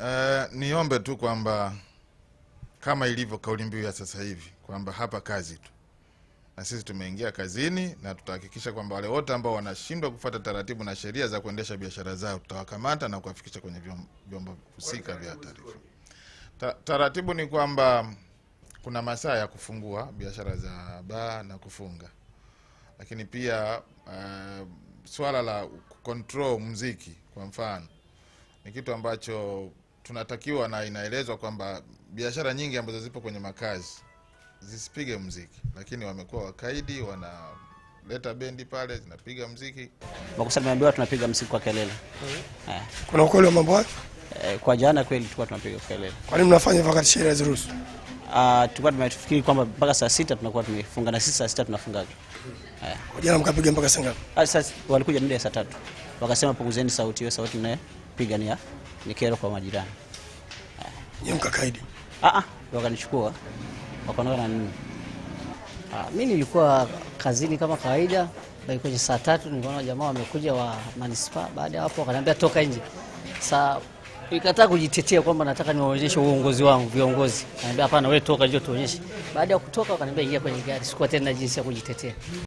Uh, niombe tu kwamba kama ilivyo kauli mbiu ya sasa hivi kwamba hapa kazi tu, na sisi tumeingia kazini na tutahakikisha kwamba wale wote ambao wanashindwa kufuata taratibu na sheria za kuendesha biashara zao tutawakamata na kuwafikisha kwenye vyombo husika vya taarifa. Ta, taratibu ni kwamba kuna masaa ya kufungua biashara za baa na kufunga, lakini pia uh, swala la control muziki kwa mfano ni kitu ambacho tunatakiwa na inaelezwa kwamba biashara nyingi ambazo zipo kwenye makazi zisipige mziki, lakini wamekuwa wakaidi, wanaleta bendi pale zinapiga mziki. Makosa nimeambiwa tunapiga mziki kwa kelele. Eh. Kuna ukweli wa mambo hayo? Eh, kwa jana kweli tulikuwa tunapiga kelele. Kwa nini mnafanya wakati sheria haziruhusu? Ah, tulikuwa tumefikiri kwamba mpaka saa sita tunakuwa tumefunga na sisi saa sita tunafunga. Eh. Kwa jana mkapiga mpaka saa ngapi? Ah, sasa walikuja muda ya saa tatu. Wakasema punguzeni sauti hiyo, sauti naye ni ya ni kero kwa majirani. Yeye mkakaidi. Ah ah, wakanichukua. Wakaondoka na nini? Ah, mimi nilikuwa kazini kama kawaida, kwenye saa tatu niliona jamaa wamekuja wa manispaa, baada ya hapo wakaniambia toka nje. saa nikataa kujitetea kwamba nataka niwaonyeshe uongozi wangu, viongozi. Ananiambia hapana, wewe toka nje tuonyeshe. Baada ya kutoka wakaniambia ingia kwenye gari. Sikuwa tena jinsi ya kujitetea.